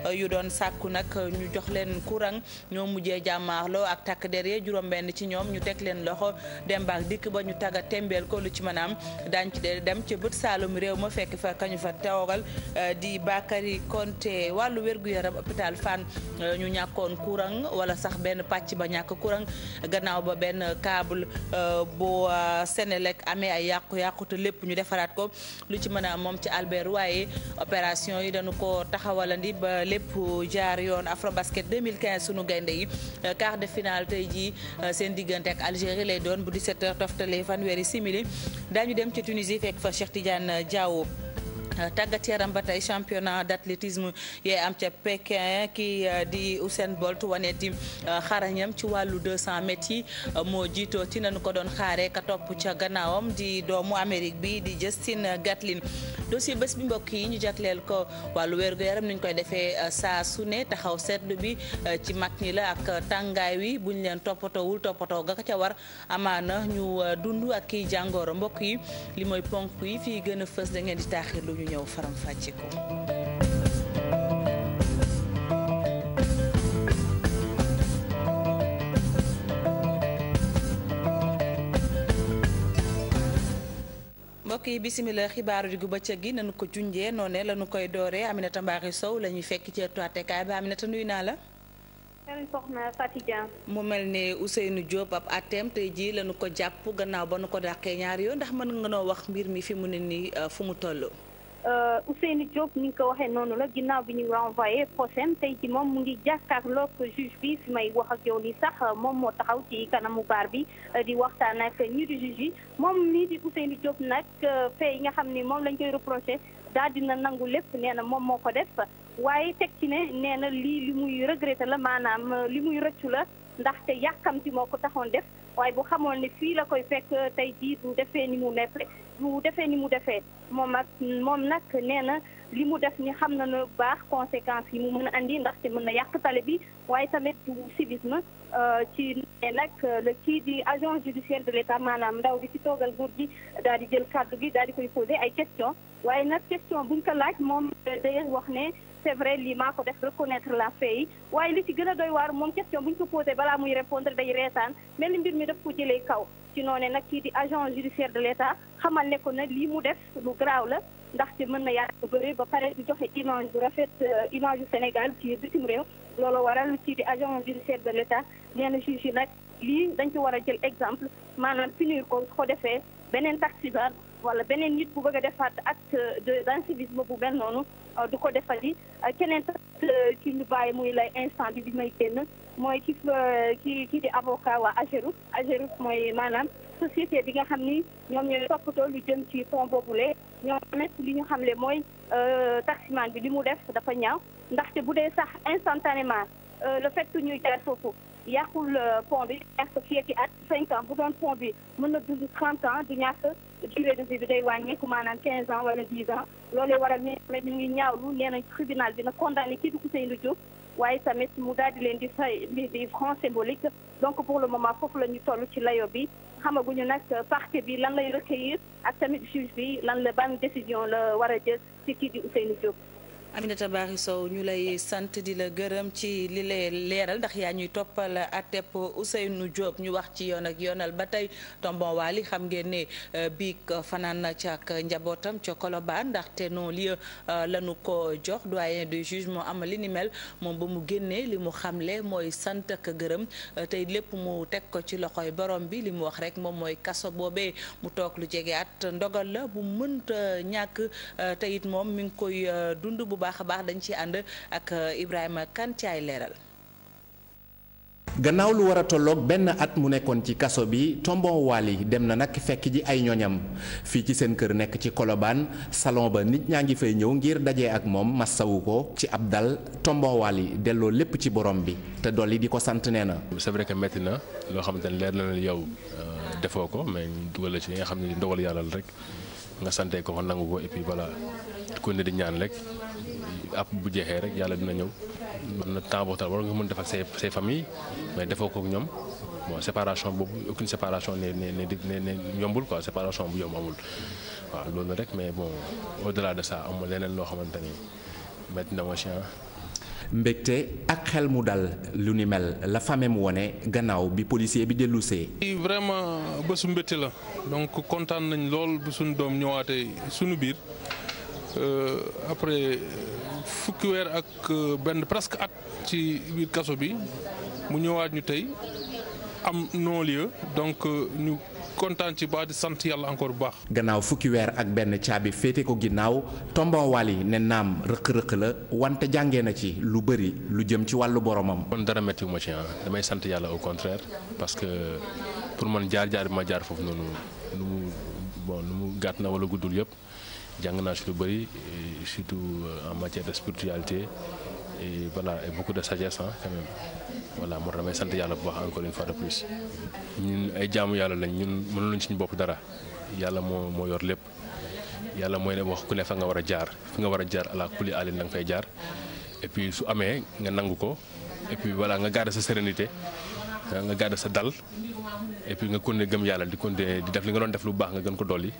ndaw euh, yu doon sàkku nag euh, ñu jox leen courant ñoo mujjee jàmmaarloo ak takk der yee juróom-benn ci ñoom ñu teg leen loxo dem baak dikk ba ñu tagga tembeel ko lu ci maanaam daañ ci dem ci bët saalum réew ma fekk fa kañu fa toogal euh, di Bakary Konté wàllu wér yaram hôpital Fann ñu ñàkkoon courant wala sax benn pàcc ba ñàkk courant gannaaw ba benn câble bu lekk amee ay yàqu-yàqu lépp ñu defaraat ko lu ci mën moom ci Albert waaye opération yi dañu ba lépp jaar yoon Afrobasket 2015 sunu gaynde yi euh, quart de finale tey jii euh, seen diggante ak Algérie lay doon bu 17 toftale fanweeri simili daañu dem ci Tunisie fekk fa Cheikh Tidiane Diawo. tàggat yaram ba tey championnat d'athlétisme yee am ca Pékin ki euh, di Usain Bolt waneeti euh, xarañam ci wàllu 200 mètres yi euh, moo jiitoo ci nañu ko doon xaaree ka topp ca gannaawam di doomu Amérique bi di Justin Gatlin dossier bés bi mbokk yi ñu jagleel ko wàllu wérgu yaram ni ñu koy defee saa sune ne taxaw seetlu bi ci mat ñi la ak tàngaay wi buñ leen toppatoowul toppatoo ga ca war amaana ñu dund ak kiy jàngooro mbokk yi li mooy ponk yi fii gën a fës da ngeen di taaxirlu ñu ñëw faram mbokk yi bisimila xibaaru diggu bëccëg gi nañu ko junjee noonu ne koy dooree Aminata Mbaari Sow la ñuy fekk ci toitekaay ba Aminata nuyu naa la mu mel ne Ousseynou Diop ab àtteem tey jii lañu ko jàpp gannaaw ba nu ko dàqee ñaari yoon ndax mën nga noo wax mbir mi fi mu ne nii euh, fu mu toll Euh, Ousseynou Diop ni nga ko waxee noonu la ginnaaw bi ñu renvoyé procès tey ci moom mu ngi jàkkaarloog juge bi fi may wax ak yow ni sax moom moo taxaw ci kanamu baar bi euh, di waxtaan ak ñi di juge yi moom nii di Ousseynou Diop nag euh, fee yi nga xam ni moom lañ koy reproché daal dina nangu lépp nee na moom moo ko def waaye teg ci ne nee na lii li muy regretté la maanaam li muy rëccu la. ndaxte yàkkamti moo ko taxoon def waaye bu xamoon ni fii la koy fekk tey jii du defee ni mu neppe du defee ni mu defee moom nag moom nag nee na li mu def ni xam na ne baax conséquences yi mu mën a andi ndaxte mën na yàq tale bi waaye tamit du civisme euh, ci ne nag euh, le kii di agent judiciaire de l'État maanaam ndaw bi ci toogal nguur gi daal di jël kàddu gi daal di koy poser ay questions waaye nag question buñ ko laaj moom euh, day wax ne c'est vrai lii maa ko def reconnaître la fait yi waaye li ci gën a doy waar moom question bu ñu ko posé balaa muy répondre day reetaan mel ni mbir mi daf ko jëlee kaw ci noonu nag kii di agent judiciaire de l'État xamal ne ko na lii mu def lu garaaw la ndaxte mën na yàq bu bëri ba pare di joxe image bu rafet euh, image bu Sénégal ci tim réew loolu waral kii di agent judiciaire de l'État nee na juge nag lii dañ ci war a jël exemple maanaam finir ko su ko defee beneen taxi ba wala beneen nit bu bëgg a defaat acte de d'incivisme bu benn noonu euh, du ko defali euh, keneen tamit euh, ki ñu bàyyi muy lay instant bi bi may génn mooy ci ki ci ki di avocat waa Ageroute Ageroute mooy maanaam société bi nga xam ni ñoom ñooy toppatoo lu jëm ci fond boobule ñoom tamit li ñu xam xamle mooy taximaan bi li mu def dafa ñaaw ndaxte bu dee sax instantanément le fait que ñuy jaar foofu yàqul euh, pont bi ñàkk fii ak at cinq ans bu doon pont bi mën na dund trente ans du ñàkk durée de vie bi day wàññeeku maanaan quinze ans wala dix ans loolu waral ñu ñu ngi ñaawlu nee nañ tribunal bi na condamné kii di Ousseynou Diop waaye tamit mu daal di leen di fay di franc symbolique donc pour le moment foofu la ñu toll ci layo bi xamaguñu nag parquet bi lan lay recueillir ak tamit juge bi lan la ban décision la war a jël ci kii di Ousseynou Diop Aminata Bari soow ñu lay sant di la gërëm ci li lay leeral ndax yaa ñuy toppal ak àtteb nu Diop ñu wax ci yoon ak yoonal ba tey tombon waali xam ngeen ne euh, biig fanaan na ca ak njabootam ca Colobane ndaxte non lieu euh, lañu ko jox doyen de juge moo amal li ni moom ba mu génnee li mu xamle mooy sant ak gërëm euh, tey lépp mu teg ko ci loxoy borom bi li mu wax rek moom mooy kaso boobee mu toog lu jege at ndogal la bu mënta ñàkk te moom mu ngi koy dund bu baax a baax dañ ci ànd ak euh, Ibrahima Kane leeral. gannaaw lu war a tolloog benn at mu nekkoon ci kaso bi tombon Wally dem na nag fekk ji ay ñoñam fii ci seen kër nekk ci kolobaan salon ba nit ñaa ngi fay ñëw ngir daje ak moom massawu ko ci ab dal tombon Wally delloo lépp ci borom bi te dolli di ko sant nee na. c'est vrai que métti na loo xamante ne leer na yow euh, defoo ko mais dugal la ci li nga xam ne ndogal yàlla rek nga sante ko nangu ko et puis voilà ne di ñaan rek. app bu jeexee rek yàlla dina ñëw am na temps boo xam war nga mën def ak say say famille mais defoo ko ak ñoom bon séparation boobu aucune séparation ne ne ne ne yombul quoi séparation bu yomb amul. waaw loolu rek mais bon au delà de ça amul leneen loo xamante ni métti na ma si mbégte ak xel mu dal lu ni mel la famem wone gannaaw bi policier bi dellusee vraiment bésu mbégte la donc kontaan nañ lool bu suñu doom ñëwaatee suñu biir euh, après fukki weer ak euh, benn presque at ci biir kaso bi mu ñëwaat ñu tey am non-lieu donc euh, ñu kontaan ci baax di sant yàlla encore bu baax. gannaaw fukki weer ak benn caabi féete ko ginnaaw tombon Wally ne naam rëq-rëq la wante jàngee na ci lu bëri lu jëm ci wàllu boromam. man dara méttiwu ma ci ah, damay sant yàlla au contraire parce que pour man jaar jaar bi ma jaar foofu noonu nu mu bon gàtt na wala guddul yëpp. jàng naa si lu bëri surtout euh, en matière de spiritualité et voilà et beaucoup de sagesse ah quand même moo tax damay sant yàlla bu baax encore une fois de plus. ñun ay jaamu yàlla lañ ñun mënuluñ suñu bopp dara yàlla moo moo yor lépp yàlla mooy ne wax ku ne fa nga war a jaar fi nga war a jaar ala kuli alin la nga fay jaar et puis su amee nga nangu ko et puis nga garder sa sérénité nga garder sa dal et puis nga continuer gëm yàlla di continuer di def li nga doon def lu baax nga gën ko dolli.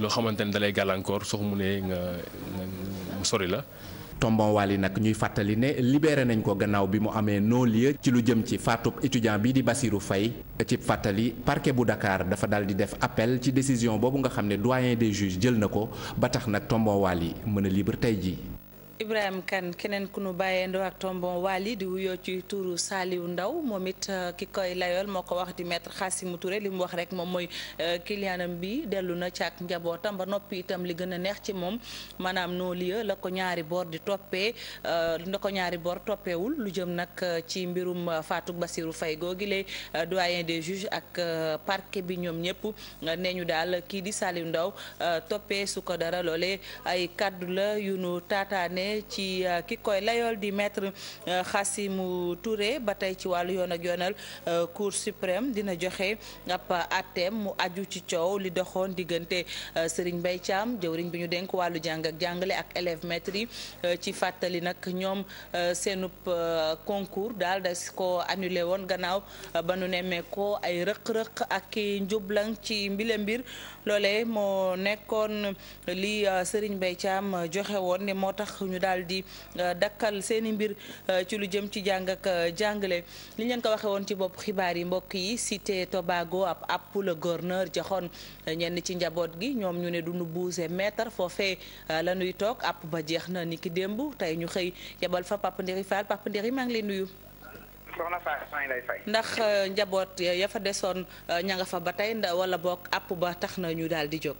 loo xamante ne dalay gàllankoor soo mu ne nga mu sori la tombon yi nag ñuy fàttali ne libéré nañ ko gannaaw bi mu amee non ci lu jëm ci faatub étudiant bii di Bassirou Faye ci fàttali parquet bu dakaar dafa daal di def appel ci décision boobu nga xam ne doyen des juges jël na ko ba tax nag tombon yi mën a libre tey jii Ibrahima Kane keneen ku nu bàyyeendoo ak tombon Wali di wuyoo ci tuuru Saliou Ndaw moom it euh, ki koy layool moo ko wax di maître Khassimou Touré li mu wax rek moom mooy euh, kiliyaanam bi dellu na ci ak njabootam ba noppi itam li gën a neex ci moom maanaam non lieu la ko ñaari boor di toppee euh, la ko ñaari boor toppeewul lu jëm nag ci mbirum Fatou Bassirou Faye googile doyen des juges ak parquet bi ñoom ñëpp nee ñu daal kii di Saliou Ndaw toppee su ko dar loolee jëmee ci euh, ki koy layool di maître euh, Khassimou Touré ba tey ci wàllu yoon ak yoonal euh, cour suprême dina joxe ab àtteem mu aju ci coow li doxoon diggante Serigne Mbaye Thiam jëwriñ bi ñu denk wàllu jàng ak jàngale ak élève maître yi ci fàttali nag ñoom seenub concours daal das ko annulé woon gannaaw ba nu nemmee ko ay rëq-rëq ak njublang ci mbile mbir loole moo nekkoon li Serigne Mbaye Thiam joxe woon moo tax ñu daal di euh, dakkal seen i mbir euh, ci lu jëm ci jàng ak euh, jàngale li leen ko waxee woon ci bopp xibaar yi mbokk yi Cité Tobago ab app le gouverneur joxoon ñenn ci njaboot gi ñoom ñu ne dunu buuse mètre foofee la ñuy toog app ba jeex na niki démb tey ñu xëy yebal fa Papa Ndéri Fall Papa Ndéri maa ngi lay nuyu ndax njaboot ya fa desoon ña fa ba tey wala boog app ba tax na ñu daal di jóg.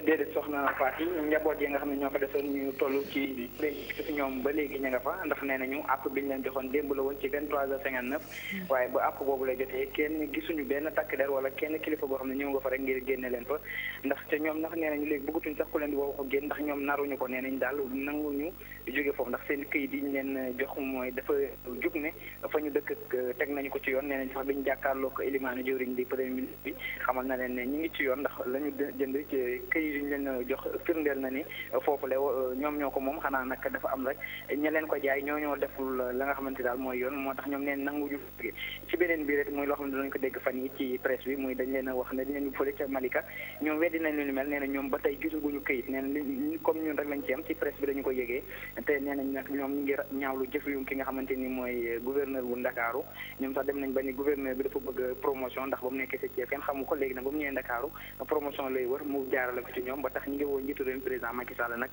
déedéet soxna Faty njaboot yi nga xam ne ñoo ko defoon ñu toll ci léegi ñoom ba léegi ñu nga fa ndax nee nañu àpp bi ñu leen joxoon démb la woon ci vingt trois heures cinquante neuf hmm. waaye ba àpp boobu la jotee kenn gisuñu benn takk der wala kenn kilifa boo xam ne ñëw nga fa rek ngir génne leen fa ndax te ñoom ndax nee nañu léegi bëggatuñ sax ku leen di woo ko génn ndax ñoom naruñu ko nee nañ daal nanguñu jóge foofu ndax seen këyit yi ñu leen jox mooy dafa jub ne fa ñu dëkk teg nañu ko ci yoon nee nañ sax ñu jàkkaarloo ko élimaane jëwriñ di premier ministre bi xamal ñu ngi ci yoon ndax lañu jënd ci këyit kayit yu ñu leen euh, jox firndeel na ni euh, foofule euh, ñoom ñoo ko moom xanaa nag dafa am rek ña ko jaay ñoo deful la nga xamante daal mooy yoon moo tax ñoom neen nanguñu a ñoom weddi nañ lu mel nee na ñoom comme ñun rek lañ ci am ci presse bi dañu ko yëgee te nee nag ñoom ñu ngi ñaawlu jëf yu ki nga xamante ni mooy gouverneur bu Ndakaaru ñoom sax dem nañ ba ni gouverneur bi dafa bëgg promotion ndax ba mu nekkee sa Thiès kenn xamu ko léegi nag ba mu ñëwee ci ñoom ba tax ñu ngi woo njiitu réew mi président Macky Sall nag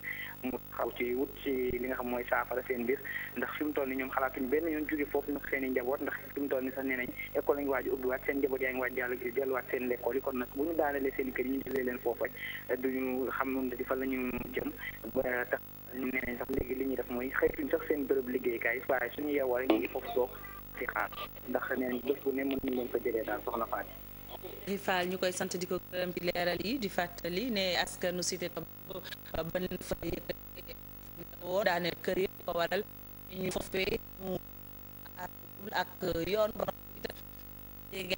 mu xaw ci wut ci li nga xam mooy saafara seen mbir ndax fi mu toll ni ñoom xalaatuñ benn yoon jóge foofu nag seen i njaboot ndax fi mu toll ni sax nee nañ école lañu waaj ubbiwaat seen njaboot yaa ngi waaj jàll delluwaat seen lekkool i kër ñu jëlee leen la ñu jëm tax ñu nee nañ sax léegi li ñuy def mooy xëytuñ sax seen bërëb liggéeykaay waaye suñu yeewoo rek ñu ngi foofu toog ci xaar ndax nee nañ bés ne mën nañ leen fa jëlee daal soxna Fatou rifaal ñu koy sant di ko gërëm ci leeral yi di fàttali ne askanu cité Tobago ban fa yëkkati woo daane kër yëpp ko waral ñu fofee ñu ak yoon borom itam dégg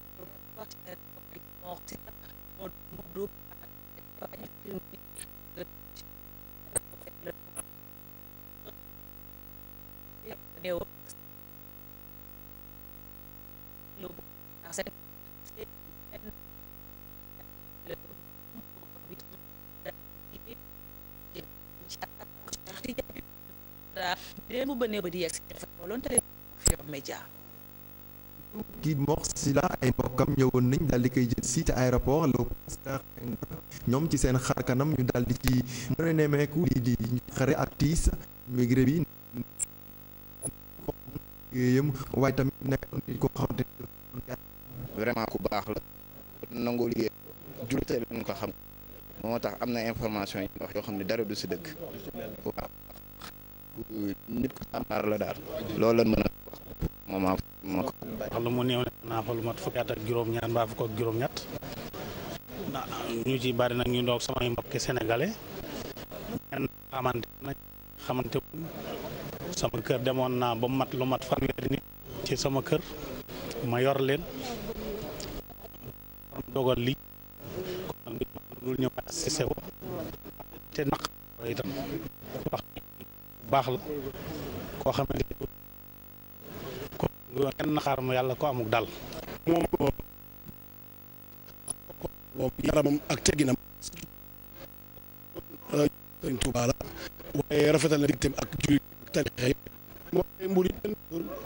démb ba néew ba kii Mor Sila ay mbokkam ñëwoon nañ daal di koy jël si ci aéroport Léopold Sédar Senghor ñoom ci seen xar kanam ñu daal di ci mën a nemmeeku di di ak tiis migré bi waaye tamit nekk nit koo xamante vraiment ku baax la nangoo liggéey jullite lañ ko xam moo tax am na information yi wax yoo xam ne dara du si dëkk waaw nit ko sàmmaar la daal loolu mën a wax moment ma ko wala mu néew ne naa fa lu mat fukki at ak juróom-ñaar mbaa fukk ak juróom-ñett ñu ci bari nag ñu ndoog samay mbokki sénégalais xamante nañ xamante sama kër demoon naa ba mat lu mat fanweeri nit ci sama kër ma yor leen dogal li kon bi dul ñëw assisté ko te naq itam wax baax la koo xamante ko kenn naqaar ma yàlla ko amuk dal moom yaramam ak tegginam waaye rafetal na digteem ak jullit ak tarixe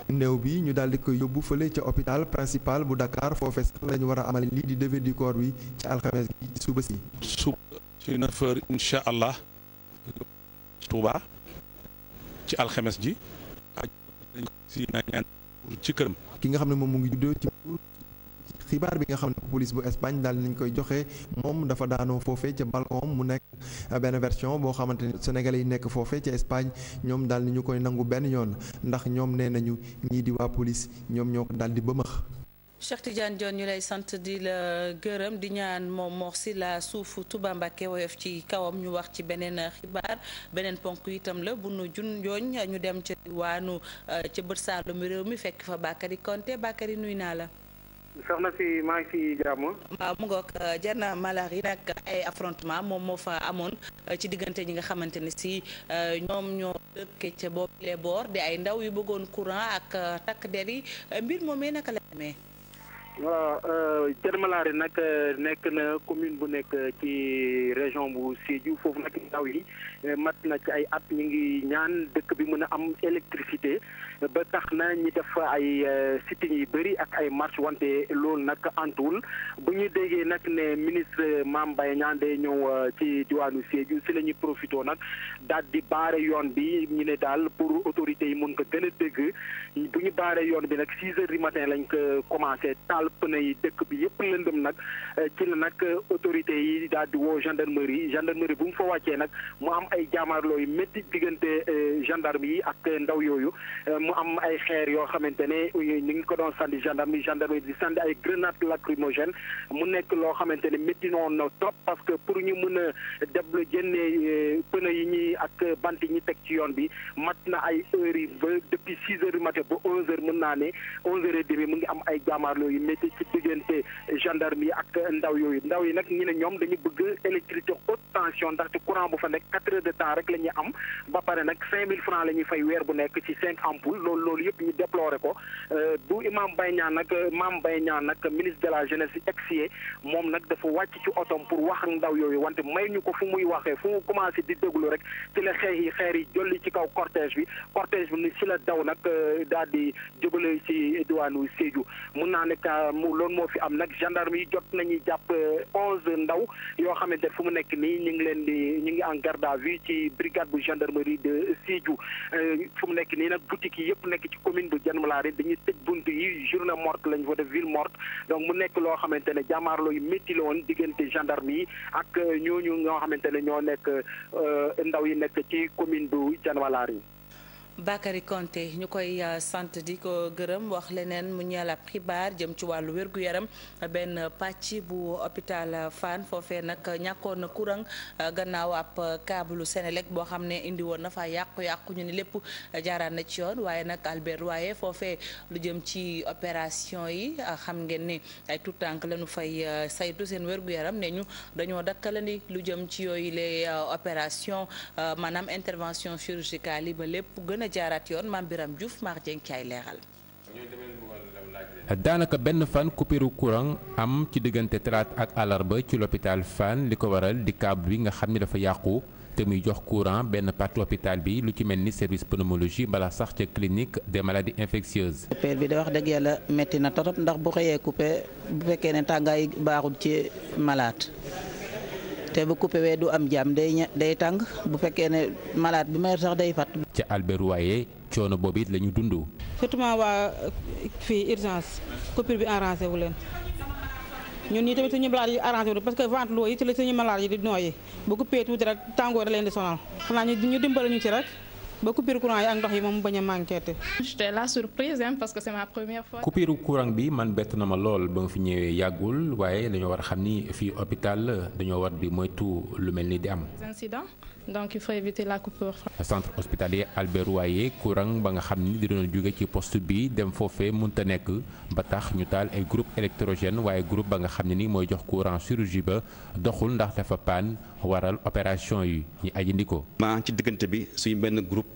néew bi ñu daal di koy yóbbu fële ca hôpital principal bu Dakar foofe sax la ñu war a amal lii di levée du corps bi ci alxames gi ci suba si. suba ci 9h incha allah. Touba ci alxames ji. ki nga xam ne moom mu ngi juddoo ci xibaar bi nga xam ne polis bu Espagne daal ñu koy joxe moom dafa daanoo foofee ca balcon mu nekk benn version boo xamante ne sénégalais yi nekk foofee ca Espagne ñoom daal ni ñu koy nangu benn yoon ndax ñoom nee nañu ñii di waa police ñoom ñoo ko daal di bëmëx Cheikh Tidiane Dione ñu lay sant di la gërëm di ñaan moom Mor Sylla suufu Touba Mbacké ci kawam ñu wax ci beneen xibaar beneen ponk itam la bu nu jun jooñ ñu dem ca waanu euh, ca bët saalumu réew mi fekk fa Bakary Konte Bakary nuy naa la soxna si maa ngi si jàmm. waaw mu ngoog Diène euh, Malaré nag ay affrontement moom moo fa amoon euh, ci diggante ñi nga xamante ne si euh, ñoom ñoo dëkkee ca boobu les boor di ay ndaw yu bëggoon courant ak takk der yi mbir moomee naka la demee. waaw Kër euh, Malary nag euh, nekk na commune bu nekk ci région bu Sédhiou foofu nag ndaw yi euh, mat na ci ay at ñu ngi ñaan dëkk bi mun a am électricité ba tax na ñi def ay sitting yi bëri ak ay marche wante loolu nag antuwul bu ñu déggee nag ne ministre Mame Mbaye Niang day ñëw ci diwaanu Sédhiou si la ñu profité nag daal di baare yoon bi ñu ne daal pour autorité yi mun ko gën a dégg bu ñu baare yoon bi nag six heures du matin lañ ko commencé taal taal yi dëkk bi yëpp lëndëm nag eh, ci la nag eh, autorité yi daal di woo gendarmerie gendarmerie bu mu fa wàccee nag mu am ay jaamaarloo yu métti diggante eh, gendarme yi ak ndaw yooyu mu am ay xeer yoo xamante ne ñu ngi ko doon sandi gendarme yi di sandi ay grenade lacrymogène mu nekk loo xamante ne métti noonu na trop parce que pour ñu mën a deblu jënnee pneu yi ñuy ak bant yi ñu teg ci yoon bi mat na ay heures yi ba depuis six heures mat matin ba onze heures mën naa ne mu ngi am ay jaamaarloo yu nekk ci diggante gendarmerie ak ndaw yooyu ndaw yi nag ñu ne ñoom dañu bëgg électricité haute tension ndaxte courant bu fa nekk quatre heures de temps rek la ñuy am ba pare nag cinq mille francs la ñuy fay weer bu nekk ci cinq ampoules loolu loolu yëpp ñu déploré ko bu euh, Imam Mbaye Niang nag Mame Mbaye nag ministre de la jeunesse ex-sié moom nag dafa wàcc ci otom pour wax ndaw yooyu wante may ñu ko fu muy waxee fu mu commencé di déglu rek ci la xeex yi xeer yi jolli ci kaw cortège bi cortège bi ni la daw nag euh, daal di jëbale ci diwaanu Sédhiou mun mu loolu moo fi am nag gendarme yi jot nañu jàpp euh, onze ndaw yoo xamante ne fu mu nekk nii ñu ngi leen di ñu ngi en garde à vue ci brigade bu gendarmerie de Sédhiou euh, fu mu nekk nii nag boutique yi yëpp nekk ci commune bu Diène Malaré dañuy tëj bunt yi journée morte lañ fa def ville morte donc mu nekk loo xamante ne jàmmaarloo yu métti la woon diggante gendarme yi ak euh, ñooñu ñoo xamante ne ñoo nekk ndaw yi nekk ci commune bu Diène Bakary Konté ñu koy euh, sant di ko gërëm wax leneen mu ñeel ab xibaar jëm ci wàllu wérgu yaram benn pàcc bu hôpital Fann foofee nag ñàkkoon na courant euh, gannaaw ab câble Senelec boo xam ne indi woon na fa yàqu-yàqu ñu ni lépp jaaraan na ci yoon waaye nag Albert waaye foofee lu jëm ci opération yi euh, xam ngeen ni ay tout tànk lañu fay saytu seen wérgu yaram ne ñu dañoo dakkalani lu jëm ci yooyu les opération maanaam intervention chirurgicale ba lépp gën jaaraat yoon maam Biram daanaka benn fan coupure courant am ci diggante talaata ak àllarba ci l'hôpital Fann li ko waral di câble bi nga xam ni dafa yàqu te muy jox courant benn partie hôpital bi lu ci mel ni service pneumologie bala sax ca clinique des maladies infectieuses. père bi da wax dëgg yàlla métti na torop ndax bu xëyee coupé bu fekkee ne tàngaay baaxul ci malaat te bu coupé wee du am jaam day day tàng bu fekkee ne malaat bi may sax day fat ca Albert Royer coono boobu it la ñu dund. surtout waa fii urgence coupure bi arrangé wu leen ñun ñii tamit suñu malade yi arrangé parce que ventilo yi ci la suñu malade yi di nooyi bu coupé tuuti rek tàngoor leen di sonal xanaa ñu dimbali ñu ci rek. ba coupure courant yi ak moom bañ a manqué te. j'étais la surprise hein, parce que c'est ma première fois. coupure courant bi man bett na ma lool ba nga fi ñëwee yàggul waaye dañoo war a xam ni fii hôpital dañoo war di moytu lu mel ni di am. incident. donc il faut la coupure. centre hospitalier Albert Royer courant ba nga xam ni di doon jóge ci post bi dem foofee mënta nekk ba tax ñu taal ay groupe électrogène waaye groupe ba nga xam ne ni mooy jox courant chirurgie ba doxul ndax dafa paan waral opération yi ñu ajandi ko. ma ci diggante bi suñu benn groupe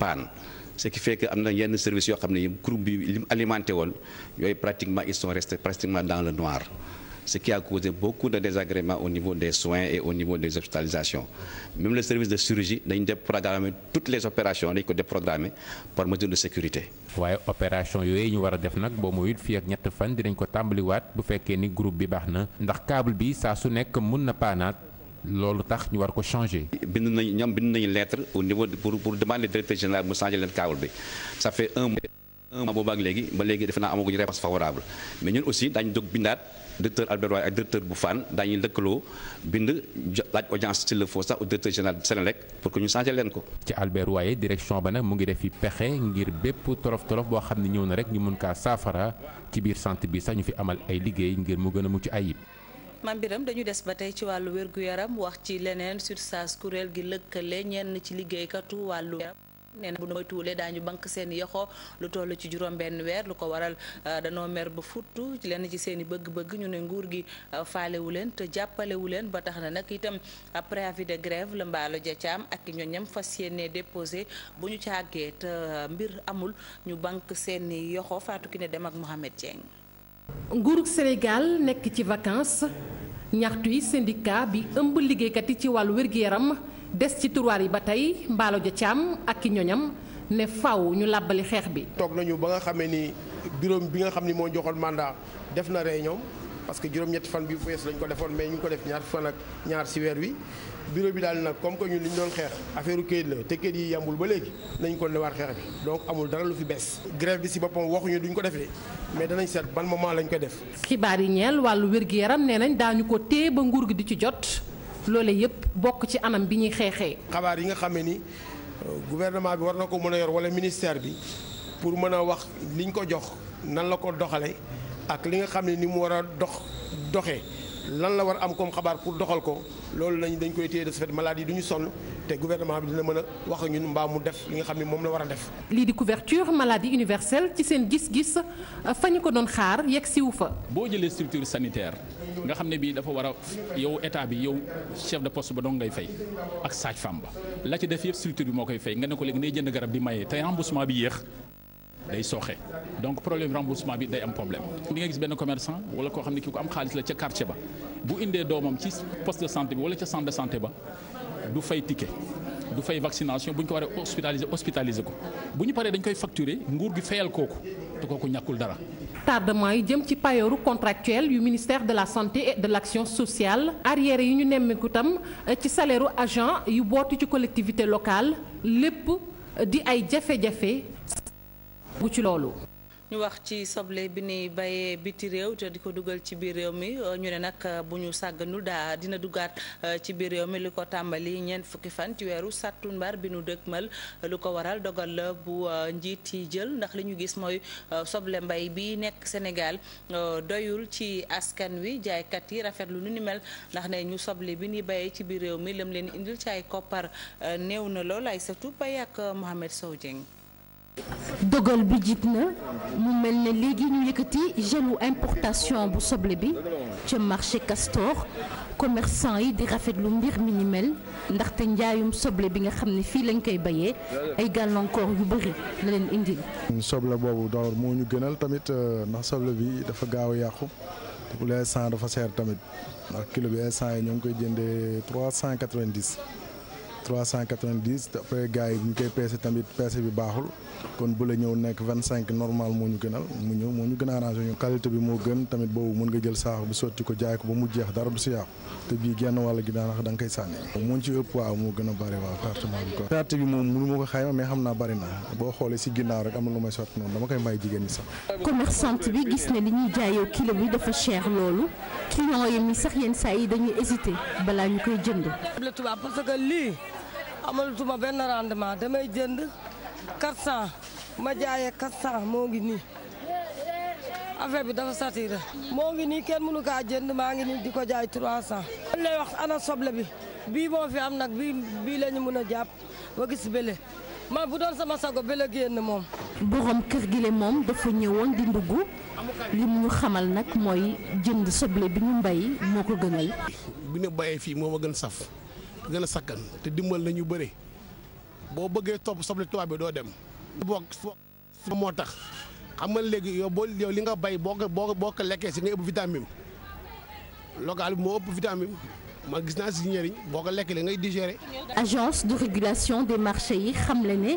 paan ce qui fait que am na yenn service yoo xam ne groupe bi li mu alimenté woon yooyu pratiquement ils sont pratiquement dans le noir. ce qui a causé beaucoup de désagréments au niveau des soins et au niveau de hospitalisations. Même le service de chirurgie dañu déprogrammé toutes les opérations dañ ko déprogrammé par mesure de sécurité. waaye opération yooyu ñu war a def nag boo moyut fii ak ñett fan dinañ ko tàmbaliwaat bu fekkee ni groupe bi baax na ndax câble bi saa su nekk mun na paanaat. loolu tax ñu war ko changer. bind nañu ñoom bind nañu lettre au niveau pour pour demander directeur général mu changer leen câble bi ça fait ak léegi ba léegi defe naa amaguñu réponse favorable directeur Albert Roy ak directeur bu Fann daañuy lëkkaloo bind laaj audience s'il le faut sax au directeur général Senelec pour que ñu changé leen ko. ci Albert Roy direction ba nag mu ngi def fi pexe ngir bépp torof torof boo xam ne ñëw na rek ñu mën kaa saafara ci biir sant bi sax ñu fi amal ay liggéey ngir mu gën a mucc ayib. Mame Birame dañu des ba tey ci wàllu wér-gu-yaram wax ci leneen sur saas kuréel gi lëkkale ñenn ci liggéeykatu wàllu yaram nee na bu nu moytuwulee daañu bank seen yoxo lu toll ci juróom benn weer lu ko waral euh, danoo mer ba futtu ci lenn ci seeni bëgg-bëgg ñu ne nguur gi euh, faalewu leen te jàppalewu leen ba tax na nag itam préavis de grève la mbaalo jacaam ak ñoñam fas yéene déposé bu ñu càggee te euh, mbir amul ñu bank seen yoxo ki ne dem ak Mohamed Dieng nguurug Sénégal nekk ci vacances ñaxtu yi syndicat bi ëmb liggéeykat yi ci wàllu wér-gu-yaram des ci tiroir yi ba tey mbaalo ja caam ak ki ñoñam ne faw ñu làbbali xeex bi. toog nañu ba nga xamee ni bureau bi nga xam ni moo joxoon mandat def na réunion parce que juróom-ñetti fan bi fees lañ ko defoon mais ñu ko def ñaar fan ak ñaar si weer wi. bureau bi daal nag comme que ñun li ñu doon xeex affaire këyit la te këyit yi yambul ba léegi nañ ko newaat xeex bi donc amul dara lu fi bees. grève bi si boppam waxuñu duñu ko defee mais danañ seet ban moment lañ ko def. xibaar yi ñeel wàllu wér-gi-yaram nee nañ daañu ko téye ba nguur gi di ci jot. loole yëpp bokk ci anam bi ñuy xeexee. xabaar yi nga xam ni euh, gouvernement bi war na ko mën a yor wala ministère bi pour mën a wax liñ ko jox nan la ko doxale ak li nga xam ne ni mu war a dox doxee. lan la war am comme xabaar pour doxal ko loolu nañ dañ koy téye de ce fait malade du ñu sonn te gouvernement bi dina mën a wax ak ñun mbaa mu def li nga xam ne moom la war a def. lii di couverture maladie universelle ci seen gis-gis fa ñu ko doon xaar yegg siwu fa. boo jëlee structure sanitaire nga xam ne bii dafa war a yow état bi yow chef de poste ba dong ngay fay ak sage-femme ba la ci def yëpp structure bi moo koy fay nga ne ko léegi nay jënd garab di maye te remboursement bi yéex. day sooxe donc problème remboursement bi day am problème di nga gis benn commerçant wala koo xam ne kii ko am xaalis la ca quartier ba bu indee doomam ci poste de santé bi wala ca centre de santé ba du fay ticket du fay vaccination bu ñu ko waree hospitaliser hospitaliser ko bu ñu paree dañ koy facturer nguur gi fayal kooku te kooku ñàkkul dara. tardement yi jëm ci payooru contractuel yu ministère de la santé et de l'action sociale arrière yi ñu nemmeeku tam euh, ci salaire agent yu bootu ci collectivité locale lépp euh, di ay jafe-jafe. ci loolu. ñu wax ci soble bi ni bayee biti réew te di ko dugal ci biir réew mi ñu ne nag bu ñu sàgganul daa dina dugaat euh, ci biir réew mi lu ko tàmbali ñeent fukki fan ci weeru mbar bi nu dëgmal lu ko waral dogal la bu euh, njiit yi jël ndax li ñu gis mooy euh, soble mbay bi nekk Sénégal doyul ci askan wi jaaykat yi rafetlu nu ni mel ndax ne ñu soble bi ni bayee ci biir réew mi lam leen indil ci ay koppar néew na lool ay satu pay ak Mohamed Sow Dieng dogal bi jib na mu mel ne léegi ñu yëkkati gelu importation bu soble bi ca marché Castor commerçant yi di rafetlu mbir mi ni mel ndaxte njaayum soble bi nga xam ni fii lañ koy bayee ay gàllankoor yu bëri la leen indil. soble boobu door moo ñu gënal tamit euh, ndax soble bi dafa gaaw a yàqu te pour dafa seer tamit ndax kilo bi instant yi ñoo ngi koy jëndee trois cent quatre 390 te après gars yi bu ñu koy bii genn wàll gi daanaka da koy sànni moo ci ëpp waaw moo gën a bëri waaw appartement bi ma ko xayma mais xam am na lu may sotti noonu dama koy may jigéen ñi sax commerçante bi gis ne li ñuy jaayoo kilo bi dafa cher loolu client yi mi sax yenn saa yi dañuy hésité balaa ñu koy jënd amalatuma benn rendement damay jënd 400 ma jaayee 400 moo ngi nii affaire bi dafa saturé moo ngi nii kenn mënu kaa jënd maa ngi nii di ko jaay 300. man lay wax ana soble bi bii moo fi am nag bii bii la mën a jàpp ba gis bële man bu doon sama sago bële génn moom. borom kër gi le moom dafa ñëwoon di ndugg lim ñu xamal nag mooy jënd soble bi ñu mbay moo ko gënal. bi ñu bayee fii moo ma gën saf. gën a sakkan te dimbal nañu bëri boo bëggee topp soble tubaab bi doo dem. bokk moo tax xam nga léegi yow boo yow li nga bay boo ko boo ko lekkee si nga ëpp vitamine local bi moo ëpp vitamine. ma gis naa si boo ko lekk li ngay digérer. agence de régulation des marchés yi xamle ne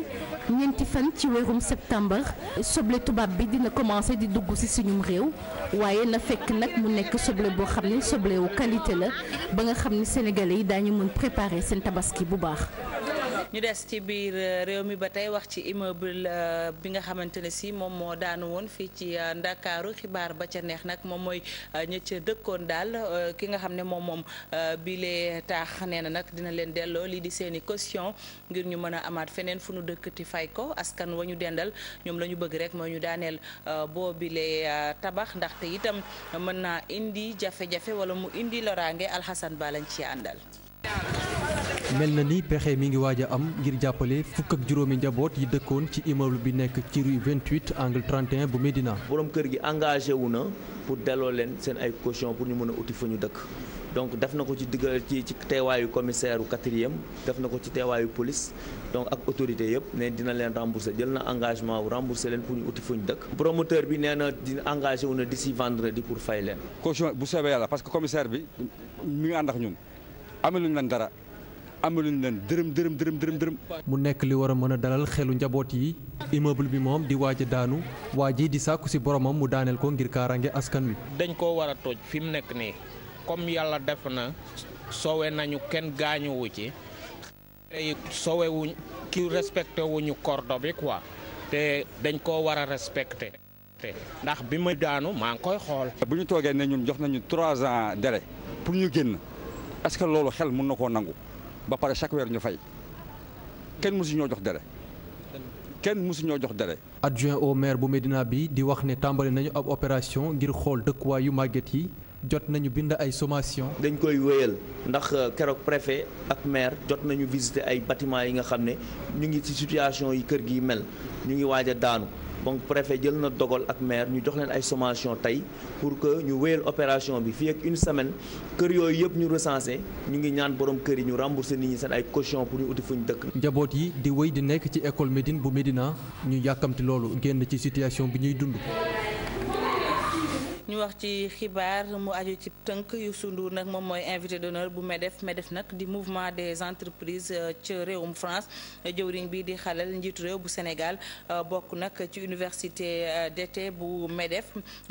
ñeenti fan ci weerum septembre soble tubaab bi dina commencé di dugg si suñum réew waaye na fekk nag mu nekk soble boo xam ne soble wu qualité la ba nga xam ne sénégalais yi daañu mën préparer seen tabaski bu baax. ñu des ci biir euh, réew mi ba tey wax ci immeuble euh, bi nga xamante ne si moom moo daanu woon fii ci euh, ndakaaru xibaar ba ca neex nag moom mooy ña dëkkoon daal ki nga xam ne moom moom bi lee taax nee na nag dina leen delloo lii di seen i caution ngir ñu mën a amaat feneen fu nu dëkkati fay ko askan wa ñu dendal ñoom la ñu bëgg rek mooy ñu daaneel boo bi lee tabax ndaxte itam mën naa indi jafe-jafe wala mu indi loraange alxasan ba lañ ci àndal mel na ni pexe mi ngi waaj a am ngir jàppale fukk ak juróomi njaboot yi dëkkoon ci immeuble bi nekk ci rue 28 angle 31 bu Médina. borom kër gi engagé wu na pour delloo leen seen ay caution pour ñu mën a uti fa ñu dëkk donc def na ko ci diggal ci ci teewaayu commissaire u quatrième def na ko ci teewaayu police donc ak autorité yëpp ne dina leen rembourser jël na engagement wu leen pour ñu uti fa ñu dëkk. promoteur bi nee na dina engagé wu na d'ici vendredi pour fay leen. caution bu soobee yàlla parce que commissaire bi mi ngi ànd ak ameluñ leen dara ameluñ leen dërëm dërëm dërëm dërëm dërëm. mu nekk li war a mën a dalal xelu njaboot yi immeuble bi moom di waaj a daanu waa ji di sàkku si boromam mu daaneel ko ngir kaaraange askan wi. dañ koo war a toj fi mu nekk nii comme yàlla def na soowee nañu kenn gaañuwu ci soowee wuñ ki respecté wuñu cordon bi quoi te dañ koo war a respecté. ndax bi ma daanu maa ngi koy xool. bu ñu toogee ne ñun jox nañu trois ans délai pour ñu génn. est que loolu xel mën na koo nangu ba pare chaque weer ñu fay kenn mësu ñoo jox dere kenn mësu ñoo jox dere. adjoint au maire bu Médina bi di wax ne tàmbali nañu ab opération ngir xool dëkkuwaay yu màgget yi jot nañu bind ay sommation dañ koy wéyal ndax euh, keroog préfet ak maire jot nañu visiter ay bâtiment yi nga xam ne ñu ngi ci situation yi kër gi mel ñu ngi waaj a daanu. donc préfet jël na dogal ak maire ñu jox leen ay sommation tey pour que ñu wéyal opération bi fii ak une semaine kër yooyu yëpp ñu recensé ñu ngi ñaan borom kër yi ñu remboursé nit ñi seen ay caution pour ñu uti fuñ dëkk. njaboot yi di wéy di nekk ci école Médine bu Médina ñu yàkkamti loolu génn ci situation bi ñuy dund. ñu wax ci xibaar mu aju ci tënk Youssou Ndour nag moom mooy invité d'honneur bu MEDEF MEDEF nag di mouvement des entreprises euh, ci réewum France jëwriñ bi di xalal njiitu réew bu Sénégal euh, bokk nag ci université euh, d'été bu MEDEF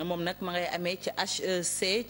moom nag ma ngay amee ci HEC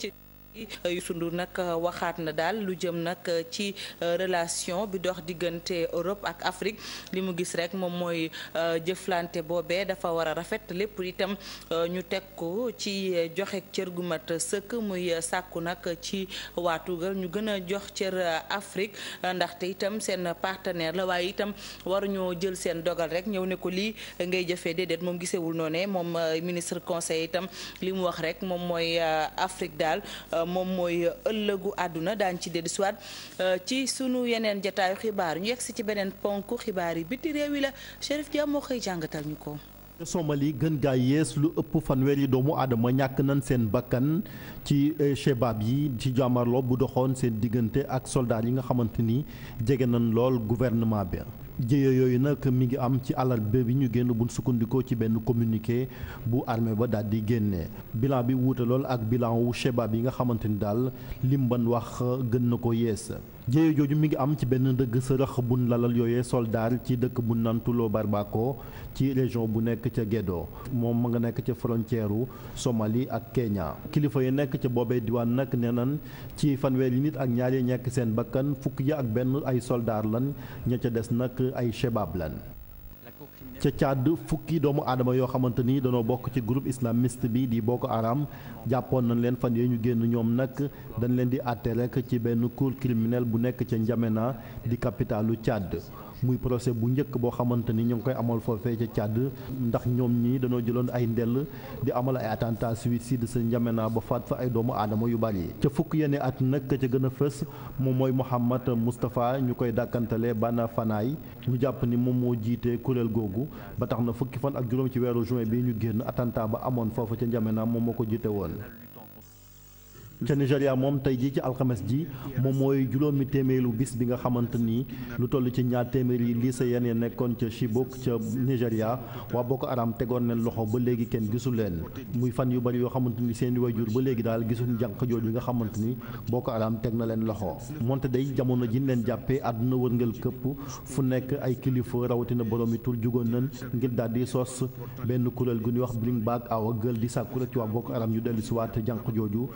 Youssou Ndour nag waxaat na daal lu jëm nag ci euh, relation bi dox diggante Europe ak Afrique li mu gis rek moom mooy euh, jëflante boobee dafa war a rafet lépp itam euh, ñu teg ko ci joxe cër gu mat sëkk muy sàkku nag ci waa Tugal ñu gën a jox cër Afrique ndaxte itam seen partenaire la waaye itam waruñoo jël seen dogal rek ñëw ne ko lii ngay jëfee déedéet moom gisewul noonu moom ministre conseil itam li mu wax rek moom mooy Afrique daal. Euh, moom mooy ëllëgu àdduna daan ci dellusiwaat euh, ci sunu yeneen jataayu xibaar ñu yegg si ci beneen ponk xibaar yi biti réew yi la Chérif Dia moo jàngatal ñu ko. te Somali gën gaa yees lu ëpp fanweeri doomu aadama ñàkk nañ seen bakkan ci chebab euh, yi ci jàmmarloo bu doxoon seen diggante ak soldat yi nga xamante ni jege nañ lool gouvernement bi. jéye yooyu nag mi ngi am ci àllarba bi ñu génn buñ sukkandikoo ci benn communiqué bu armee ba daal di génnee bilan bi wuute lool ak bilan wu Chebab yi nga xamante ni daal lim ban wax gën na ko yees jéye jooju mi ngi am ci benn dëgg sërëx bu lalal yooyee soldaar ci dëkk bu nantuloo Barbako ci région bu nekk ca Gedo moom ma nga nekk ca frontière u Somalie ak Kenya kilifa yi nekk ca boobe diwaan nag nee nan ci fanweeri nit ak ñaari ñekk seen bakkan fukk yi ak benn ay soldaar lan ña ca des nag ay chebab lan ca Tchad fukki doomu aadama yoo xamante ni danoo bokk ci groupe islamiste bi di Boko Haram jàppoon nañ leen fan yooyu ñu génn ñoom nag dañ leen di àtte rek ci benn cour criminel bu nekk ca na di capitalu Tchad. muy procès bu njëkk boo xamante ni ñoo ngi koy amal foofee ca càdd ndax ñoom ñi dañoo jëloon ay ndell di amal ay attentat suicide sa N'Djamena ba faat fa ay doomu aadama yu bari ca fukk yenn at nag ca gën a fës moom mooy Mouhamad Moustapha ñu koy dàkkantale Bana Fanaay ñu jàpp ni moom moo jiite kuréel googu ba tax na fukki fan ak juróom ci weeru juin bi ñu génn attentat ba amoon foofu ca N'Djamena moom moo ko jiite woon ca Nigéria moom tey jii ci alxames ji moom mooy juróomi téeméeru gis bi nga xamante ni lu toll ci ñaar yi téeméeri lycéennes yeneen nekkoon ca Chibok ca Nigéria waa bokk araam tegoon nañ loxo ba léegi kenn gisul leen muy fan yu bari yoo xamante ni seen i ba léegi daal gisuñ jànq jooju yi nga xamante ni Boko Haram teg na leen loxo moonte day jamono ji leen jàppee àdduna wërngal këpp fu nekk ay kilifa rawatina borom yi tur jugoon ngir daal di sos benn kuréel gu ñuy wax Bring Back Our Girls di sàkku rek ci waa Boko Haram ñu dellu si jànq jooju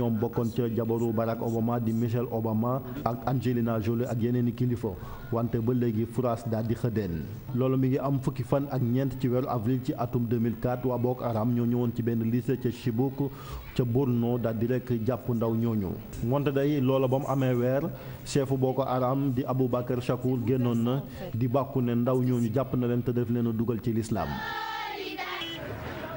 ñoom bokkoon ca jabaru Barack Obama di Michelle Obama ak Angelina Jolie ak yeneen i kilifa wante ba léegi France daal di xëddeen loolu mu ngi am fukki fan ak ñeent ci weeru avril ci atum 2004 waa Boko Haram ñoo ñëwoon ci benn lycée ca Chibok ca Borno daal di rek jàpp ndaw ñooñu wante day loola ba mu amee weer chefu Boko Haram di Aboubacar Chakour génnoon na di bàkku ne ndaw ñooñu jàpp na leen te def leen a dugal ci lislaam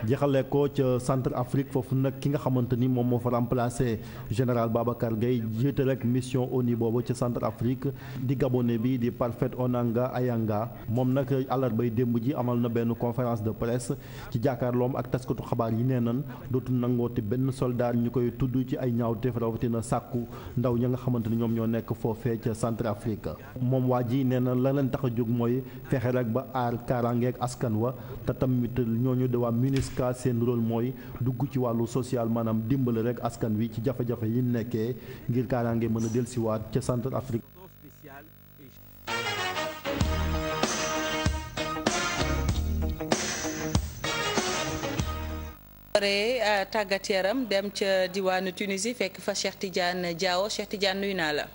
jeexale ko ca centre Afrique foofu nag ki nga xamante ni moom moo fa remplacé général Babacar Gueye jiite rek mission ONU boobu ca centre Afrique di gabonais bi di Parfait Onanga Ayanga moom nag bay démb ji amal na benn conférence de presse ci jàkkaarloom ak taskatu xabaar yi nee nan nangoo nangooti benn soldat ñu koy tudd ci ay ñaaw ñaawteef rawatina sàkku ndaw ña nga xamante ni ñoom ñoo nekk foofee ca centre Afrique moom waa ji nee na la tax a jóg mooy fexe rek ba aar kaaraangeeg askan wa te tamit jusqu'à seen rôle mooy dugg ci wàllu social maanaam dimbali rek askan wi ci jafe-jafe yi nekkee ngir kaaraange mën a dellusiwaat ca centre Afrique. Euh, tàggat yaram dem ca diwaanu Tunisie fekk fa Cheikh Tidiane Diawo Cheikh Tidiane nuyu naa la.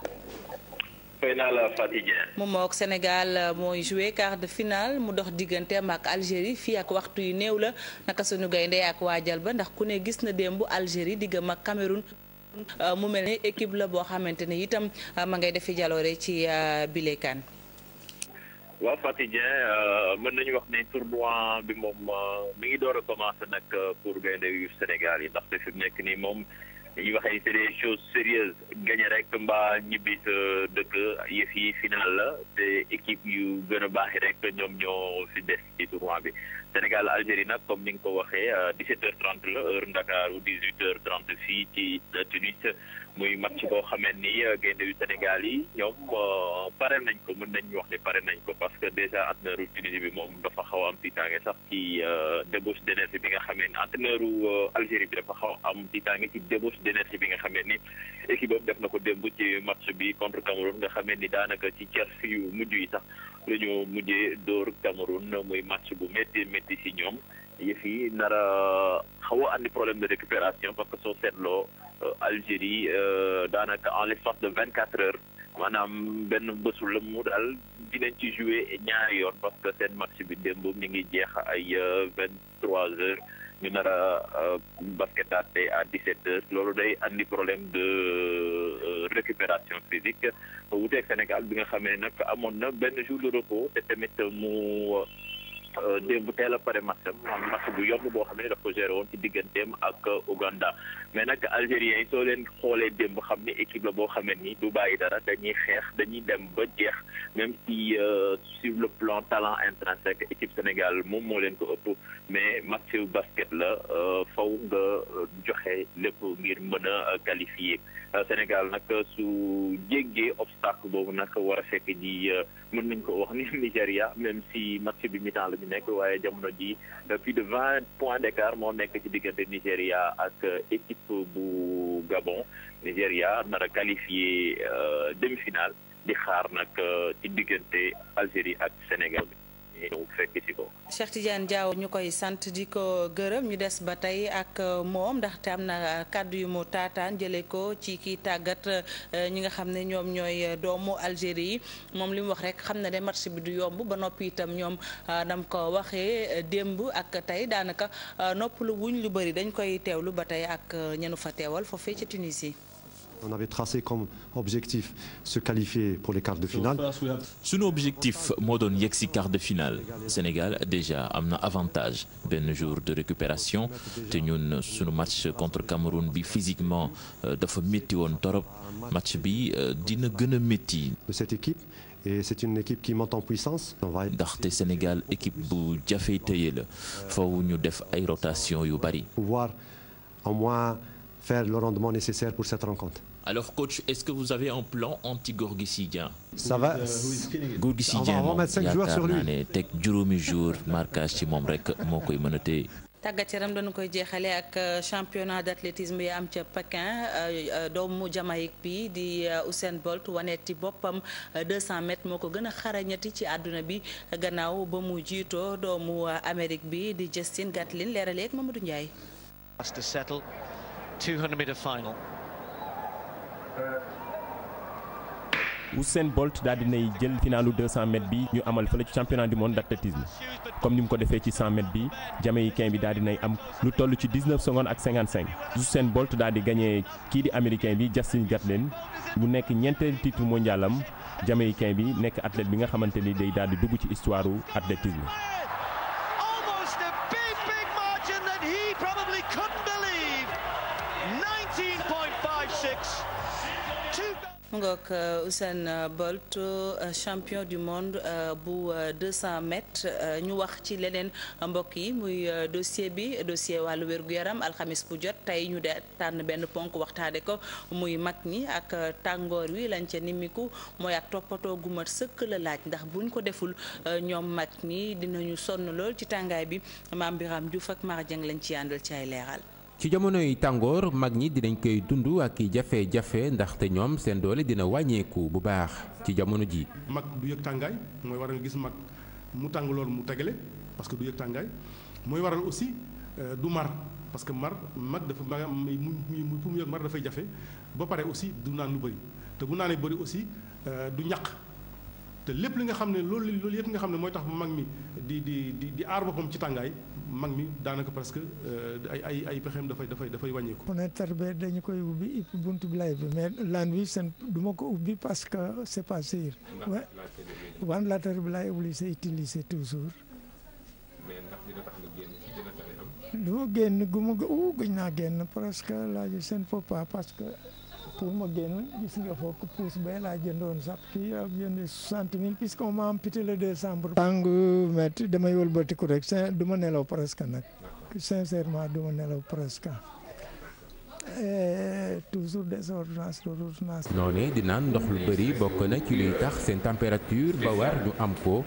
fay naa la Fatou Dieng. Sénégal euh, mooy joué quart de finale mu dox digganteem ak Algérie fii ak waxtu yu néew la naka suñu gaynde ak waajal ba ndax ku ne gis na démb Algérie diggam ak Cameroun. Euh, mu mel ni équipe la boo xamante ne itam euh, ma ngay defi jaloore ci bile kan. waaw Fatou mën nañu wax ne tournoi bi moom mi ngi door a commencé nag pour gaynde yu Sénégal yi ndax fi nekk nii moom. dañuy wax ay c'est des choses sérieuses gagné rek mbaa ñibbi sa dëkk yëf yi final la te équipe yu gën a baax rek ñoom ñoo fi des ci tournoi bi Sénégal Algérie nag comme ni nga ko waxee 17h30 euh, la heure Ndakaaru 18h30 fii ci Tunis. muy match boo xamee ni euh, gaynde yu Sénégal yi ñoom euh, pare nañ ko mën nañ wax ne pare nañ ko parce que déjà entraîneur u Tunisie bi moom dafa xaw a am tiitaange sax ci euh, débauche d'énergie bi nga xamee ni entraîneur u Algérie bi xaw am tiitaange ci débauche d'énergie bi nga xamee ni équipe boobu def na ko démb ci match bi contre Cameroun nga xamee ni daanaka ci tiers yu mujj yi sax la ñu mujjee dóor Cameroun muy match bu métti métti si ñoom yëf yi nar a xaw a andi problème de récupération parce que soo seetloo Euh, Algérie euh, daanaka en l'espace de vingt quatre heures maanaam benn bésu la mu daal dinañ ci jouer ñaari yoon parce que seen match bi démb mi ngi jeex ay euh, vingt trois heures ñu nar a basketaat tey à 17h loolu day andi problème de récupération physique wuuteeg Sénégal bi nga xamee nag amoon na benn jour de repos te tamit mu. Euh, démb teel a pare match am match bu yomb boo xam ne daf ko géré woon ci digganteem ak Ouganda euh, mais nag algériens yi soo leen xoolee démb xam ne équipe la boo xam ne nii bu bàyyi dara dañuy xeex dañuy dem ba jeex même si euh, sur le plan talent intrinsèque équipe Sénégal moom moo leen ko ëpp mais match basket la faw nga joxe lépp ngir mën a qualifié Sénégal nag su jéggee obstacle boobu nag war a fekk ji mën nañ ko wax ni Nigéria si match bi mi-temps la nekk waaye jamono ji plus de vingt points d'écart moo nekk ci diggante Nigéria ak équipe bu Gabon Nigéria nar a qualifié euh, demi-finale di xaar nag euh, ci diggante Algérie ak Sénégal. gisi ko. ñu koy sant di ko gërëm ñu des ba tey ak euh, moom ndaxte am na euh, kàddu yu mu taataan jëlee ko ci kii tàggat euh, ñi nga xam ne ñoom ñooy doomu Algérie yi moom li mu wax rek xam na de match bi du yomb ba noppi itam ñoom dam ko waxee démb ak tey daanaka noppalu wuñ lu bëri dañ koy teewlu ba tey ak ñenu fa teewal foofee ca Tunisie. On avait tracé comme objectif se qualifier pour les quarts de finale. suñu objectif moo doon yegg si quart de finale Sénégal déjà am na avantage benn jour de récupération te ñun suñu match contre Cameroun bi physiquement euh, dafa métti woon torop match bi euh, dina gën a métti. cette équipe et c'est une équipe qui monte en puissance. ndaxte Sénégal équipe bu jafee tëye la foofu ñu def ay rotation yu bari. pouvoir au moins faire le rendement nécessaire pour cette rencontre. Alors coach, est-ce que vous avez un plan anti Gorgisidien ça va euh, juróomi jour marquage ci moom rek moo koy mën a téye koy jeexale ak euh, championnat d'athlétisme yi am ca Pékin euh, doomu Jamaïque bi di Usain Bolt waneeti boppam 200 mètres moo ko gën a xarañati ci àdduna bi gannaaw ba mu jiitoo doomu Amérique bi di Justin Gatlin leeraleeg Mamadou Ndiaye. 200 meter final. Usain Bolt daal dinay jël finalu 200 mètres bi ñu amal fële ci championnat du monde d'athlétisme comme ni mu ko defee ci 100 mètres bi jamaïcain bi daal dinay am lu toll ci 19 secondes ak 55 Usain Bolt daal di gagné kii di américain bi Justin Gatlin mu nekk ñeenteelu titre mondialam jamaïcain bi nekk athlète bi nga xamante ni day daal di dugg ci histoire athlétisme mu ngoog euh, Usain euh, Bolt euh, champion du monde bu 200 mètres ñu wax ci leneen mbokk yi muy dossier bi dossier wàllu wér-gu-yaram alxamis bu jot tey ñu de tànn benn ponk waxtaane ko muy mag ñi ak tàngoor wi lañ ca nimiku mooy ak toppatoo gu sëkk la laaj ndax buñ ko deful ñoom mag ñi dinañu sonn lool ci tàngaay bi maam Biram Diouf ak Mar Dieng lañ ci yàndal ci ay leeral ci jamonoy tàngoor mag ñi dinañ koy dund ak i jafe-jafe ndaxte ñoom seen doole dina wàññeeku bu baax ci jamono ji. mag du yëg tàngaay mooy waral gis mag mu tàng lool mu tegale parce que du yëg mooy waral aussi euh, du mar parce que mar mag dafa maanaam mu pour mu yëg mar dafay jafe ba pare aussi du naan lu bëri te bu naanee bëri aussi euh, du ñaq. te lépp li nga xam ne loolu loolu yëpp nga xam ne mooy tax mag mi di di di aar boppam ci tàngaay mag mi daanaka presque euh, ay ay ay pexeem dafay dafay dafay wàññeeku. fenêtre bi dañu koy ubbi buntu bi lay bi mais laan wi seen du ma ko ubbi parce que c'est pas sûr. ventilateur bi laay obligé utiliser toujours. mais ndax dina tax nga génn ci dina tane am. naa génn presque laaj seen papa parce que. pour ma génn gis nga foofu puus bay laa jëndoon sax kii ak jënd soixante mille puisqu'on m'a amputé le décembre. tàng métti damay wëlbatiku rek sin du nelaw presque nag sincèrement du nelaw presque eh, toujours de ordonnance. noonee di naan ndox lu bëri bokk na ci luy tax seen température ba war ñu am ko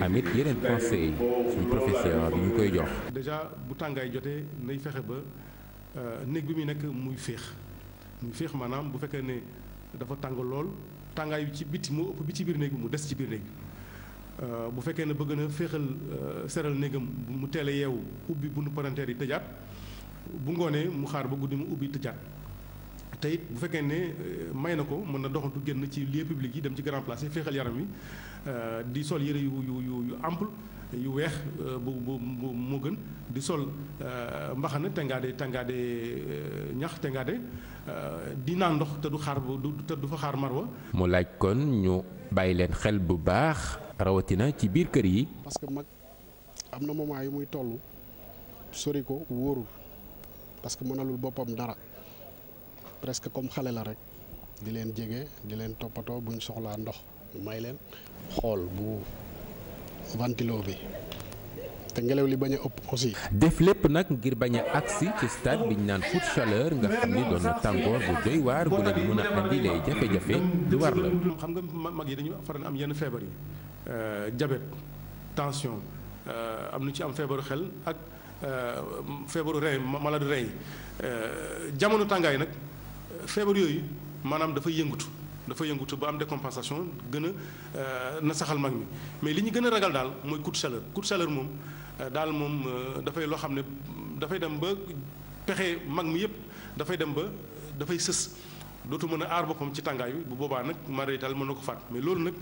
amit yeneen conseil suñu professeur bi ñu koy jox. déjà bu tàngaay jotee nay fexe ba euh, néeg bi muy nekk muy féex. féex maanaam bu fekkee ne dafa tàng lool tàngaay bi ci biti mu ëpp bi ci biir néeg bi mu des ci biir néeg bi euh, bu fekkee ne bëgg na féexal euh, seral néegam mu teel a yeewu ubbi bu nu parenteer yi tëjaat bu ngoonee mu xaar ba guddi mu ubbi tëjaat te bu fekkee ne euh, may na ko mën na doxantu génn ci lieu public yi dem ci grand place yi féexal yaram wi Euh, di sol yére yu yu yu yu ample yu weex euh, bu bu moo gën di sol euh, mbaxana tàngaade tàngaade ñax tàngaade di naan ndox te du xaar te du fa xaar marwa. mu laaj kon ñu bàyyi leen xel bu baax rawatina ci biir kër yi. parce que mag am na moment yu muy toll sori ko wóorul parce que mënalul boppam dara presque comme xale la rek di leen jege di leen toppatoo buñ soxlaa ndox. may leen xool bu wantiloo bi te ngelaw li bañ a ëpp aussi. def lépp nag ngir bañ a agsi ci stade bi ñu naan foot chaleur nga xam ni doon na bu doy waar bu leen mën a andi lay jafe-jafe lu war la. xam nga mag yi dañu faral am yenn feebar yi jabet euh, tension euh, am na ci am feebaru xel ak euh, feebaru rey malade rey jamono tàngaay nag feebar yooyu maanaam dafa yëngatu. dafa yëngutu ba am décompensation gën a euh, na saxal mag mi mais li ñu gën a ragal daal mooy coup de chaleur coup moom euh, daal moom euh, dafay loo xam ne dafay dem ba pexe mag mi yëpp dafay dem ba dafay sës dootu mën a aar boppam ci tàngaay bi bu boobaa nag mara daal mën na ko faat mais loolu nag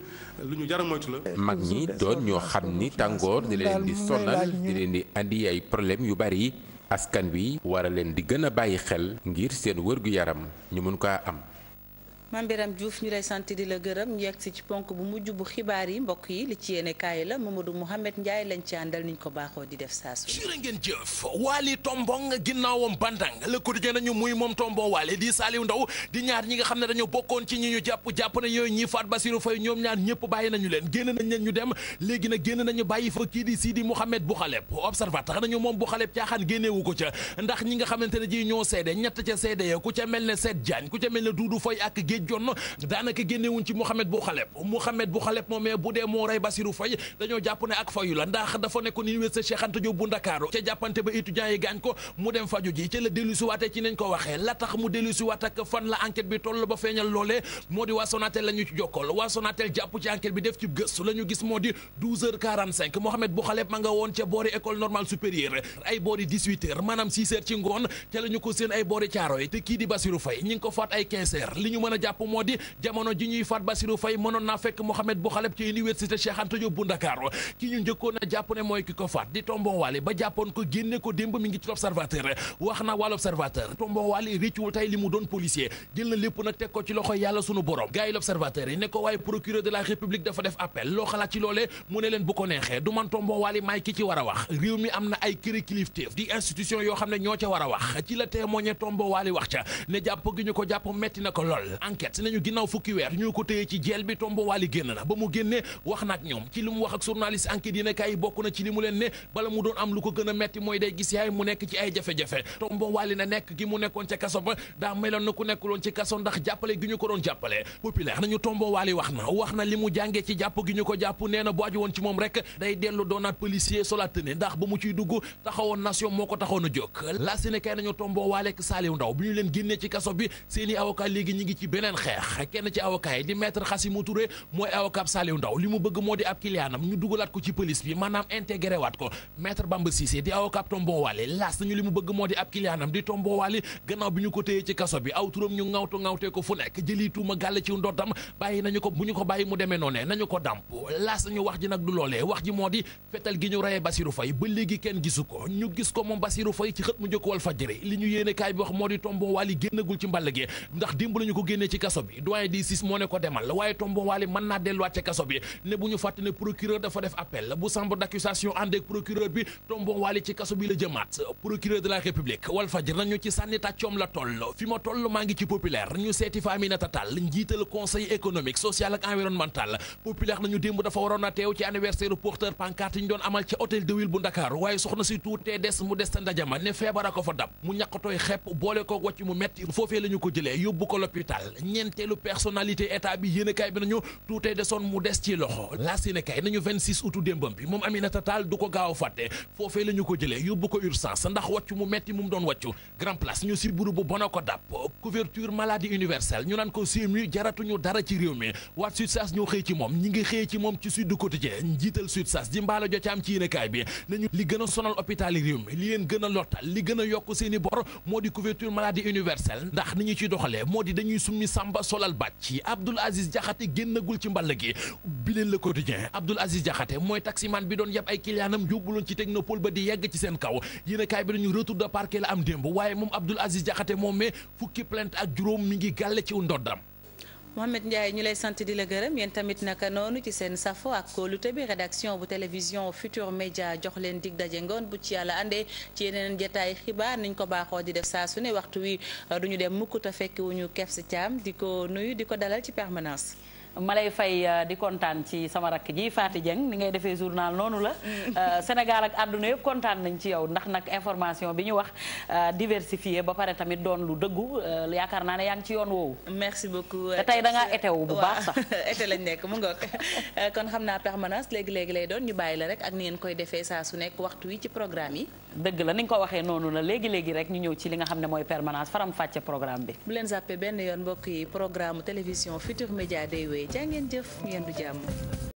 lu ñu jar moytu la. mag ñi doon ñoo xam ni tàngoor di leen di sonal di leen di andi ay problème yu bari askan wi war a leen di gën a bàyyi xel ngir seen wërgu yaram ñu mën kaa am. Mame Birame Diouf ñu lay sant di la gërëm ñu yegg ci ponk bu mujj bu xibaar yi mbokk yi li ci yéene kaay la Mamadou Mouhamed Ndiaye lañ ci nga xam ne dañoo bokkoon ci ñi ñu jàpp jàpp na yooyu ñi faat Bassirou Faye ñoom ñaar ca ndax ñi nga xamante ji ñoo seede ñett ca seede ya ku ca mel ne Seet Diagne ku ca mel ne Doudou Faye ak ne jonn daanaka génnewuñ ci Mohamed Bouhaleb Mohamed Bouhaleb moomee bu dee moo rey Bassirou Faye dañoo jàpp ne ak fayu la ndax dafa nekkoon université Cheikh Anta Ndakaaru ca jàppante ci nañ ko waxee la tax mu dellu si ak fan la enquête bi toll ba feeñal loolee moo di waa Sonatel jokkool waa jàpp ci enquête bi def ci gëstu la gis moo di 12h45 ma nga woon ca boori école normale supérieure ay boori 18h maanaam jàpp moo ko faat na wàll observateur Tombon Wale réccuwul tey li jël na lépp nag teg ko ci loxo yàlla sunu borom gars yi yi ne ko waaye procureur de la république dafa def appel loo xalaat ci loolee mu ne leen bu ko neexee du man Tombon Wale maay ki ci war a wax réew mi am na ay këri kilifteef di institution yoo xam ne ñoo ca war a wax ci la témoigné Tombon Wale wax ca ne jàpp gi ñu ko jàpp metti na ko lool enquête si nañu ginnaaw fukki weer ñoo ko téye ci jeel bi tombo waali génn na ba mu génnee wax na ak ñoom ci li mu wax ak journaliste enquête yi ne bokk na ci li mu leen a metti mooy day ko doon jàppale populaire nañu tombo waali wax na na ko jàpp nee na a jóg génnee ci kaso bi seeni avocat léegi ñi ngi ci beneen beneen xeex kenn ci avocat yi di maître Khassimou Touré mooy avocat Saliou Ndaw li mu bëgg moo di ab kiliyaanam ñu dugalaat ko ci police bi maanaam intégré waat ko maître Bamba Cissé di avocat Tombo Wali laas nañu li mu bëgg moo di ab kiliyaanam di Tombo gannaaw bi ñu ko téyee ci kaso bi aw turam ñu ŋawtu ŋawtee ko fu nekk jëli tuuma gàll ci ndoddam bàyyi nañu ko bu ñu ko bàyyi mu demee noonee nañu ko dàmp laas nañu wax ji nag du loolee wax ci kaso bi doyen di sis moo ne ko demal waaye tombo mën naa delluwaat ca kaso bi ne bu ñu fàtte ne procureur dafa def appel bu chambre d'accusation ànd ak procureur bi tombo ci kaso bi la jëmaat procureur de la république Walfadjri nañu ci sànni tàccoom la toll fi ma toll maa ngi ci populaire ñu seeti fa Aminata Tall njiital conseil économique social ak environnemental populaire nañu démb dafa waroon a teew ci anniversaire porteur pancarte yi ñu doon amal ko fa dab mu ñeenteelu personnalité état bi yéen a kaay bi nañu tuutee desoon mu des ci loxo la si ne kaay nañu 26 démbam bi moom Aminata Tall du ko gaaw a fàtte foofee la ko jëlee yóbbu ko urgence ndax wàccu mu metti mu doon wàccu grand place ñu si bu bona ko dàpp couverture maladie universelle ñu naan ko CMU jaratuñu dara ci réew mi waat SUTSAS ñoo xëy ci moom ñi ngi xëy ci moom ci Sud Quotidien ci yéen a kaay di couverture maladie universelle ndax ni ñu Samba solal bàcc Abdoul Aziz Diakhaté génnagul ci mbàll gi bi leen Le Quotidien Abdoul Aziz Diakhaté mooy taximan bi doon yeb ay kiliyaanam yóbbuloon ci technopole ba di yegg ci seen kaw yéen bi dañu retour de parquet la am démb waaye moom Abdoul Aziz Diakhaté moom mais fukki plainte ak juróom mi ngi gàlle ci ndoddam Mohamed Ndiaye ñu lay sant di la gërëm yéen tamit naka noonu ci seen safo ak kóolute bi rédaction bu télévision Futur Média jox leen dig daje ngoon bu ci yàlla àndee ci yeneen jotaay xibaar niñ ko baaxoo di def saa su ne waxtu wi duñu dem mukk te fekk wuñu Kebs Thiam di ko nuyu di ko dalal ci permanence. ma lay fay euh, di kontaan ci sama rakk ji faati Dieng ni ngay defee journal noonu la mm. euh, Sénégal ak àdduna yëpp kontaan nañ ci yow ndax nag information bi ñu wax euh, diversifié ba pare tamit doon lu dëggu yaakaar naa ne yaa ngi ci yoon woowu. merci beaucoup tey da ngaa bu baax sax. été lañ nekk mu ngoog kon xam naa permanence léegi léegi lay doon ñu bàyyi la rek ak ni ngeen koy defee saa su nekk waxtu wi ci programme yi. dëgg la ni nga ko waxee noonu la léegi léegi rek ñu ñëw ci li nga xam ne mooy permanence faram fàcce programme bi. bu leen zappé yi programme télévision Futur Média day wéy jaa ngeen jëf du jàmm